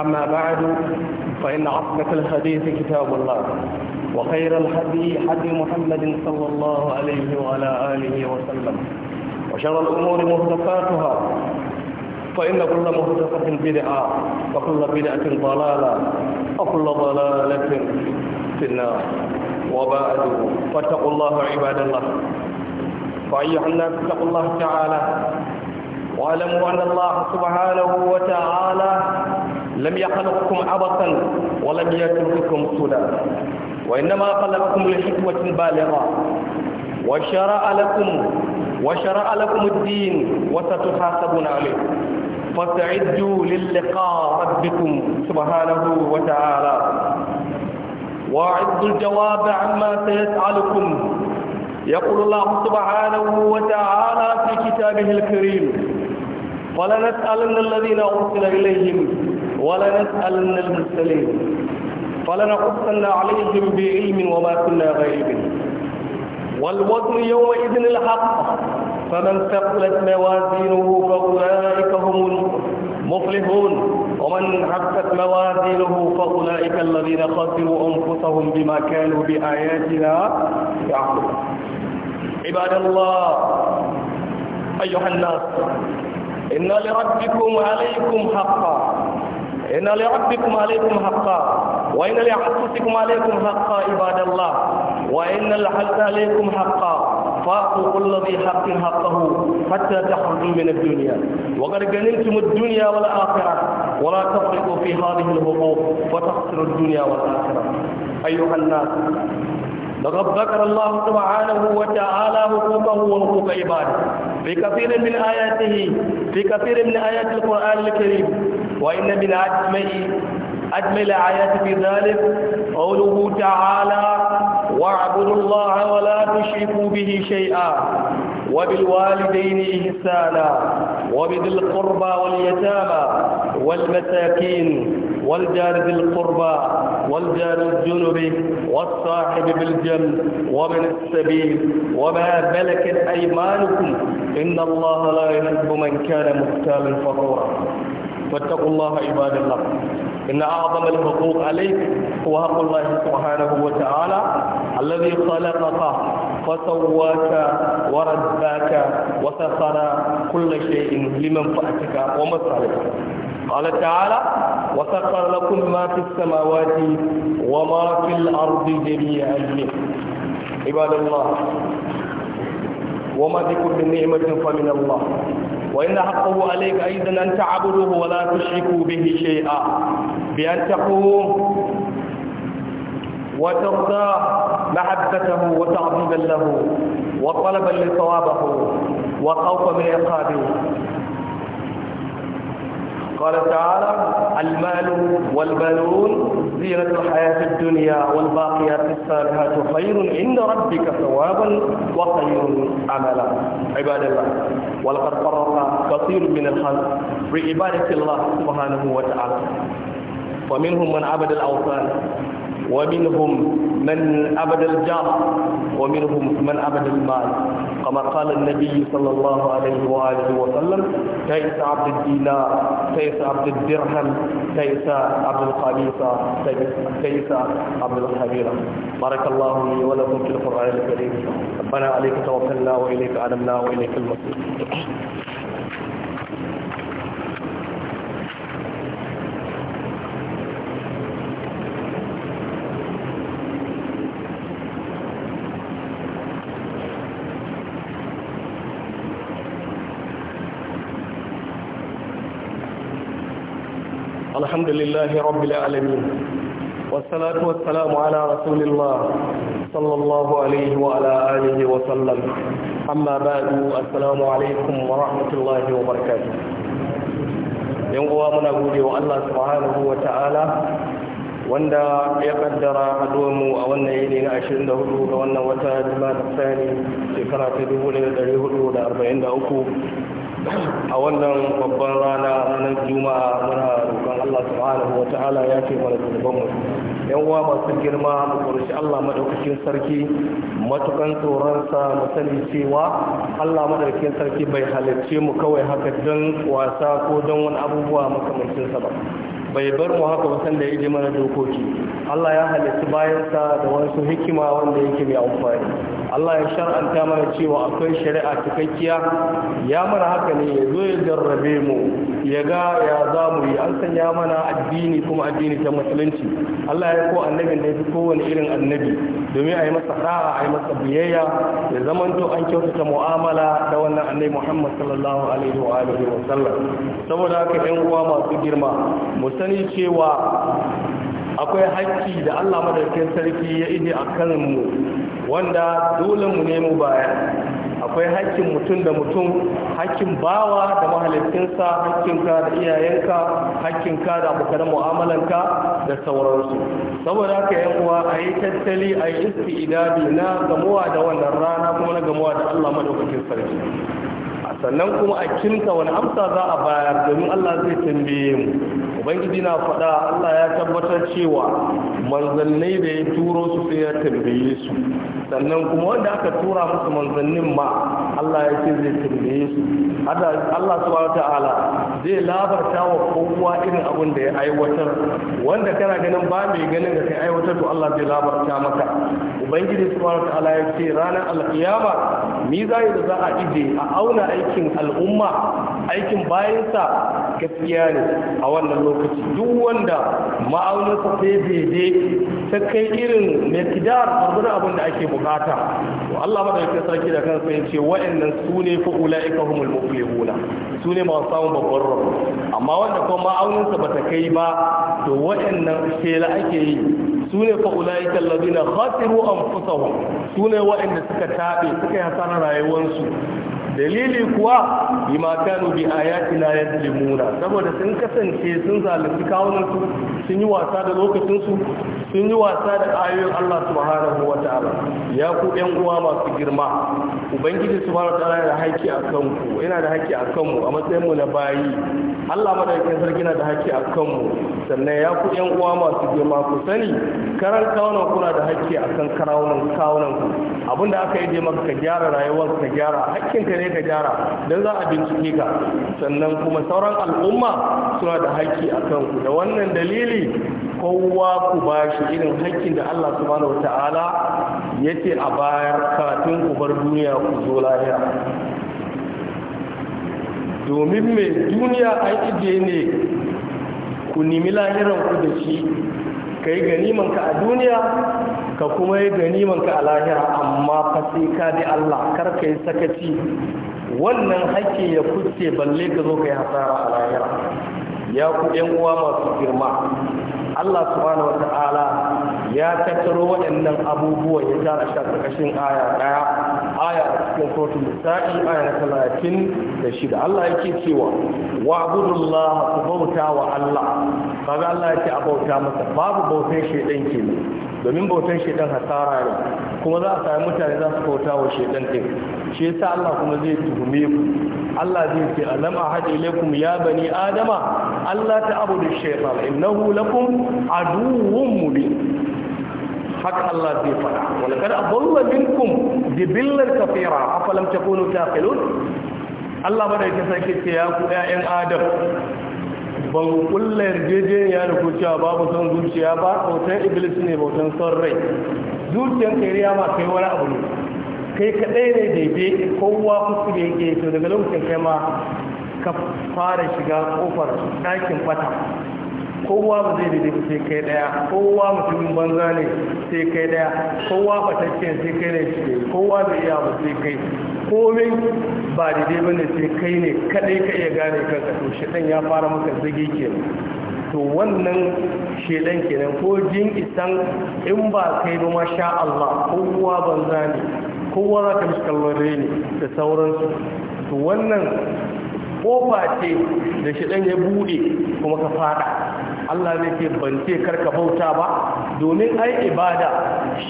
أما بعد فإن أصدق الحديث كتاب الله وخير الحدي حدي محمد صلى الله عليه وعلى آله وسلم وشر الأمور مهدفاتها فإن كل مهدفة بدعة وكل بدعة ضلالة وكل ضلالة في النار وبعد فاتقوا الله عباد الله فأيها الناس اتقوا الله تعالى واعلموا أن الله سبحانه وتعالى لم يخلقكم عبثا ولم يترككم سدى وإنما خلقكم لحكمة بالغة وشرع لكم وشرع لكم الدين وستحاسبون عليه فاستعدوا للقاء ربكم سبحانه وتعالى واعدوا الجواب عما سيسألكم يقول الله سبحانه وتعالى في كتابه الكريم فلنسألن الذين أرسل إليهم ولنسألن المرسلين فلنقصن عليهم بعلم وما كنا غائب والوزن يومئذ الحق فمن ثقلت موازينه فأولئك هم المفلحون ومن حقت موازينه فأولئك الذين خسروا أنفسهم بما كانوا بآياتنا يعملون عباد الله أيها الناس إن لربكم عليكم حقا إن لربكم عليكم حقا وإن لأنفسكم عليكم حقا عباد الله وإن الحق عليكم حقا فاقوا كل ذي حق حقه حتى تخرجوا من الدنيا وقد غنمتم الدنيا والآخرة ولا تفرقوا في هذه الهبوط فتخسروا الدنيا والآخرة أيها الناس لقد ذكر الله سبحانه وتعالى حقوقه وحقوق عباده في كثير من آياته في كثير من آيات القرآن الكريم وإن من أجمل أجمل آيات في ذلك قوله تعالى واعبدوا الله ولا تشركوا به شيئا وبالوالدين إحسانا وبذي القربى واليتامى والمساكين والجار بالقربى القربى والجار الجنب والصاحب بالجنب ومن السبيل وما ملكت أيمانكم إن الله لا يحب من كان مختالا فخورا فاتقوا الله عباد الله إن أعظم الحقوق عليك هو حق الله سبحانه وتعالى الذي خلقك فسواك ورداك وسخر كل شيء لمنفعتك ومصالحك قال تعالى وسخر لكم ما في السماوات وما في الأرض جميعا منه عباد الله وما بكم من نعمة فمن الله وإن حقه عليك أيضا أن تعبده ولا تشركوا به شيئا بأن تقوم وترضى محبته وتعظيما له وطلبا لصوابه وخوفا من عقابه قال تعالى المال والبنون زينة الحياة الدنيا والباقيات الصالحات خير عند ربك ثوابا وخير عملا عباد الله ولقد فرق كثير من الخلق بعبادة الله سبحانه وتعالى ومنهم من عبد الأوثان ومنهم من عبد الجار ومنهم من عبد المال كما قال النبي صلى الله عليه وآله وسلم كيس عبد الدينار كيس عبد الدرهم كيس عبد القميصة كيس عبد الخميرة بارك الله لي ولكم في القرآن الكريم ربنا عليك توكلنا وإليك أنمنا وإليك المصير الحمد لله رب العالمين والصلاة والسلام على رسول الله صلى الله عليه وعلى آله وسلم أما بعد السلام عليكم ورحمة الله وبركاته yan uwa muna gode wa Allah subhanahu wa ta'ala wanda ya kaddara mu a wannan yini na 24 ga wannan wata jima'a sani shekara ta 1443 a wannan babban rana ranar juma'a muna roƙon Allah subhanahu wa ta'ala ya ce mana zunubanmu yan uwa masu girma mu kurshi Allah madaukakin sarki matukan tsoronsa mu sani cewa Allah madaukakin sarki bai halarci mu kawai haka don wasa ko don wani abubuwa makamancinsa ba bai bar mu haka ba sanda ya ji mana dokoki Allah ya halitta bayansa da wasu hikima wanda yake mai amfani Allah ya shar'anta mana cewa akwai shari'a cikakkiya ya mana haka ne ya zo ya jarrabe mu ya ga ya za mu yi an sanya mana addini kuma addini ta musulunci Allah ya ko annabin da ya fi kowane irin annabi domin a yi masa da'a a yi masa biyayya zaman zamanto an kyautata mu'amala da wannan annabi Muhammad sallallahu alaihi wa alihi wa sallam saboda haka ɗan uwa masu girma mu sani cewa akwai haƙƙi da Allah madaukakin sarki ya ije a mu wanda dole mu nemo baya akwai hakkin mutum da mutum hakkin bawa da mahalittinsa ka da iyayenka ka da abokan mu'amalanka da sauransu saboda haka yan uwa a yi tattali a yi idabi na gamuwa da wannan rana kuma na gamuwa da Allah madaukakin sarki sannan kuma a kinta wani amsa za a bayar domin Allah zai tambaye mu ubangiji na faɗa Allah ya tabbatar cewa manzannai da ya turo su sai ya tambaye su sannan kuma wanda aka tura musu manzannin ma Allah ya ce zai tambaye su Allah subhanahu ta'ala zai labarta wa kowa irin abin da ya aiwatar wanda kana ganin ba mai ganin da kai aiwatar to Allah zai labarta maka ubangiji subhanahu ta'ala ya ce ranar alkiyama mizani da za a ije a auna aikin al'umma aikin bayansa gaskiya ne a wannan lokaci duk wanda ma'auninsa sai daidai ta kai irin metidar gurgurin abin da ake bukata to Allah madaukakin sarki da kansa ya ce wa'annan su ne fa ulaika humul muflihuna su ne masu samun babban rabo amma wanda kuma ma'auninsa bata kai ba to wa'annan shela ake yi su ne fa ulaika alladhina khasiru anfusahum su ne wa'anda suka tabe suka yi hasarar rayuwarsu dalili kuwa bima kanu bi ayatina yadlimuna saboda sun kasance sun zalunci kawunan su sun yi wasa da lokacin su sun yi wasa da ayoyin Allah subhanahu ta'ala, ya ku yan uwa masu girma ubangiji subhanahu wataala yana da haƙƙi akan ku yana da haƙƙi akan mu a matsayin mu na bayi Allah madaukakin sarki yana da haƙƙi akan mu sannan ya ku yan uwa masu girma ku sani karan kawunan kuna da haƙƙi akan kawunan kawunan ku abinda aka yi je maka ka gyara rayuwar ka gyara haƙƙinka ne sai ka gyara don za a bincike ka sannan kuma sauran al'umma suna da haƙƙi a kanku da wannan dalili kowa ku ba shi irin haƙƙin da Allah subhanahu wata'ala ya ce a bayar kafin ku bar duniya ku zo lahira domin mai duniya an ije ne ku nemi lahiran ku da shi ka yi ganimanka a duniya ka kuma yi ganimanka a lahira amma fa sai ka ji Allah kar ka yi sakaci wannan hakki ya kuce balle ka zo ka yi hasara a lahira ya ku yan uwa masu girma Allah subhanahu ala ya tattaro waɗannan abubuwan ya tara shi a ƙarƙashin aya ɗaya aya cikin sautin nisa'i aya na talatin da shida Allah yake cewa wa abudullah ku bauta wa Allah kaga Allah yake a bauta masa babu bautar shaidan ke domin bautan shaidan hasara ne kuma za a sami mutane za su bauta wa shaidan din shi yasa Allah kuma zai tuhume ku Allah zai ce alam ahad ilaykum ya bani adama Allah ta abudu shaytan innahu lakum aduwwun mubin haka Allah zai fada wala kada aballa minkum jibillan kafira afalam ta taqilun Allah madaukakin sarki ce ya ku ƴaƴan Adam ban kulla yarjejeniya da ku cewa babu son zuciya ba bautan iblis ne bautan son rai zuciyar kariya ma kai wani abu ne kai kadai ne daidai kowa kuskure yake to daga lokacin kai ma ka fara shiga kofar ɗakin fata kowa ba zai daidai sai kai daya kowa mutumin banza ne sai kai daya kowa batacce sai kai ne shi kowa ba iya ba sai kai komai ba daidai bane sai kai ne kadai ka iya gane kanka to shedan ya fara maka zage kenan to wannan shedan kenan ko jin isan in ba kai ba masha Allah kowa banza ne kowa za ka mishi kallon ne da sauransu to wannan kofa ce da shi ɗan ya bude kuma ka fada Allah ne ke bance karka bauta ba domin ai ibada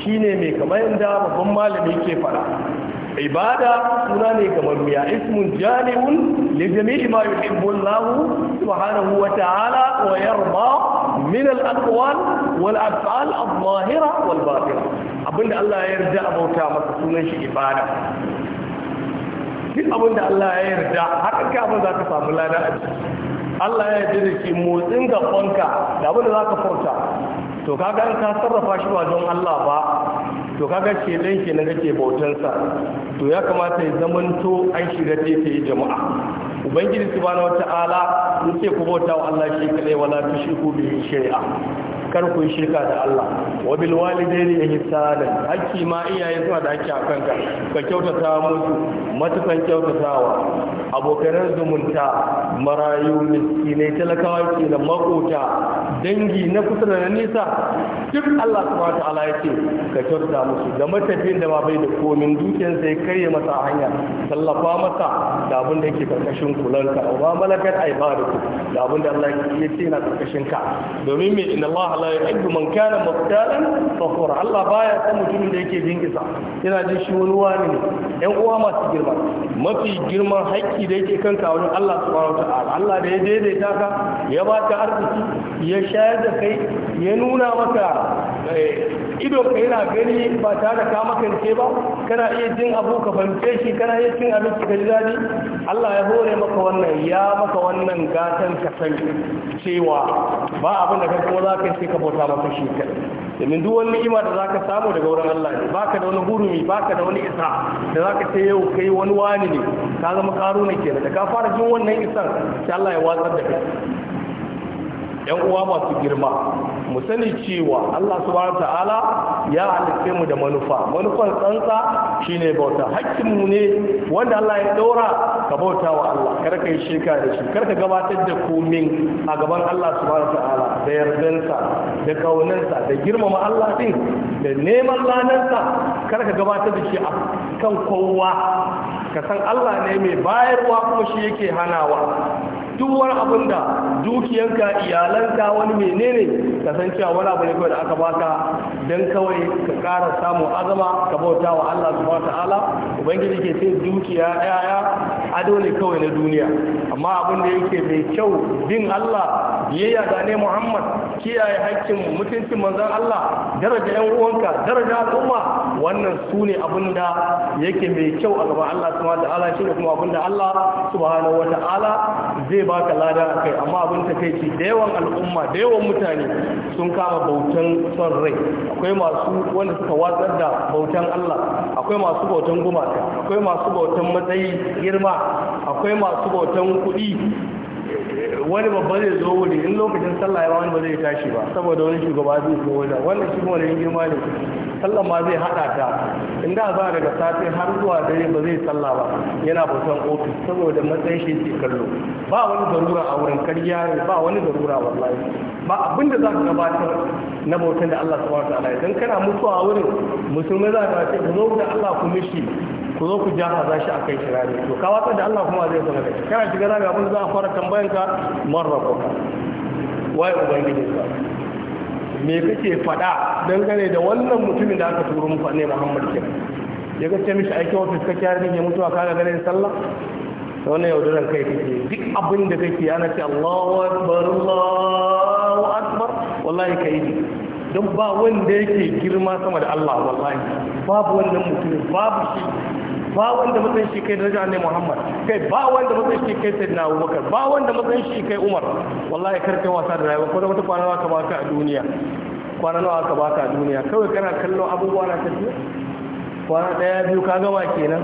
shine mai kamar yadda babban malami ke fara ibada suna ne kamar wuya ismun jami'un li jami'i ma yuhibbu Allah subhanahu wa ta'ala wa yarda min al-aqwal wal af'al adh-dhahira wal batira abinda Allah ya yarda bauta masa sunan shi ibada duk abinda Allah ya yarda haka ka abin za ka samu lada a ciki Allah ya yarda da shi motsin fanka da abin da za ka furta to kaga in ka sarrafa shi ba don Allah ba to kaga ce dan ke na kake bautansa to ya kamata ya zamanto an shiga yi jama'a ubangiji subhanahu wata'ala in ce ku bauta wa Allah shi kadai wala tushriku bihi shari'a. kar yi shirka da Allah wa bil walidaini ihsanan haki ma iyaye suna da haki akan ka ka kyautata musu matukan kyautatawa abokan zumunta marayu miskinai talakawa ke makota dangi na kusa da na nisa duk Allah subhanahu ta'ala yake ka kyauta musu da matafiyin da ba bai da komin dukiyar sai karye masa hanya tallafa masa da abin da yake karkashin kulanka wa malakat aibariku da abin da Allah ya ce na karkashin ka domin me inna Allah la yuhibbu man kana muftalan fakhur Allah baya san mutumin da yake jingisa yana jin shi wani wani ne ɗan uwa masu girma mafi girman haƙƙi da yake kanka wurin Allah subhanahu ta'ala Allah da ya daidaita ka ya ba ka arziki ya shayar da kai ya nuna maka eh, ido ka yana gani ba tare da ka makance ba kana iya jin abu ka fahimce shi kana iya cin abinci ka ji daɗi Allah ya hore maka wannan ya maka wannan gatan ka san cewa ba abin da kai kuma za ka sai ka bauta maka shi ka domin duk wani ni'ima da zaka samu daga wurin Allah ne baka da wani hurumi baka da wani isa da zaka ce yau kai wani wani ne ka zama karuna kenan da ka fara jin wannan isan sai Allah ya watsar da kai yan uwa masu girma mu sani cewa Allah subhanahu ta'ala ya halitta mu da manufa manufan tsantsa shine bauta hakkin mu ne wanda Allah ya daura ka bauta wa Allah kar ka yi shirka da shi kar ka gabatar da komin a gaban Allah subhanahu ta'ala da yardansa da kaunansa da girmama Allah din da neman lanarsa kar ka gabatar da shi a kan kowa ka san Allah ne mai bayarwa kuma shi yake hanawa duk wani abin da dukiyarka iyalanka wani menene ka san cewa wani abu ne kawai da aka baka dan kawai ka kara samu azama ka bauta wa Allah subhanahu ta'ala ubangiji ke ce dukiya yaya ado ne kawai na duniya amma abin da yake mai kyau bin Allah biyayya ga ne Muhammad kiyaye haƙƙin mutuncin manzon Allah daraja yan uwanka daraja al'umma wannan su ne abin da yake mai kyau a gaban Allah subhanahu ta'ala shi ne kuma abin da Allah subhanahu ta'ala zai baka lada a kai amma abin ta kai ce da yawan al'umma da yawan mutane sun kama bautan son rai akwai masu wanda suka watsar da bautan Allah akwai masu bautan gumaka akwai masu bautan matsayi girma akwai masu bautan kuɗi wani babba zai zo wuri in lokacin sallah ya wani ba zai tashi ba saboda wani shugaba zai zo wuri wannan shi wani girma ne sallah ma zai hada ta in da za daga safe har zuwa dare ba zai sallah ba yana bautan ofis saboda matsayin shi ke kallo ba wani zarura a wurin karya ne ba wani zarura wallahi ba abin da za ka gabatar na bautan da Allah subhanahu wa ta'ala idan kana mutuwa a wurin musulmai za ka ce ku zo da Allah ku mishi ku zo ku za shi a kai shirari to ka watsa da Allah kuma zai zama da shi kana shiga zaga abin za a fara tambayan ka marra ko waye ubangiji ka me kake faɗa dangane da wannan mutumin da aka turo muku ne Muhammad ke ya ga ce mishi aikin ofis ka kyara ne mutuwa kaga ganin sallah to wannan yaudaran kai kake duk abin da kake ana ce Allahu akbar Allahu akbar wallahi kai ne don ba wanda yake girma sama da Allah wallahi babu wannan mutumin babu shi ba wanda matsayin shi kai daraja annabi Muhammad kai ba wanda matsayin shi kai sayyidina Abubakar ba wanda matsayin shi kai Umar wallahi karkai wasa da rayuwa ko da wata kwana ka baka a duniya kwana nawa ka baka a duniya kawai kana kallo abubuwa na tafiya kwana daya biyu ka gama kenan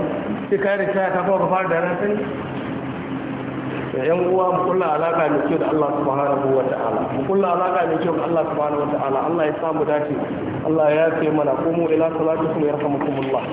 sai ka da ka fara ka fara da ran sani yan uwa mu kulla alaka mai kyau da Allah subhanahu wa ta'ala mu kulla alaka mai kyau da Allah subhanahu wa ta'ala Allah ya samu dace Allah ya yafe mana qumu ila salatikum yarhamukumullah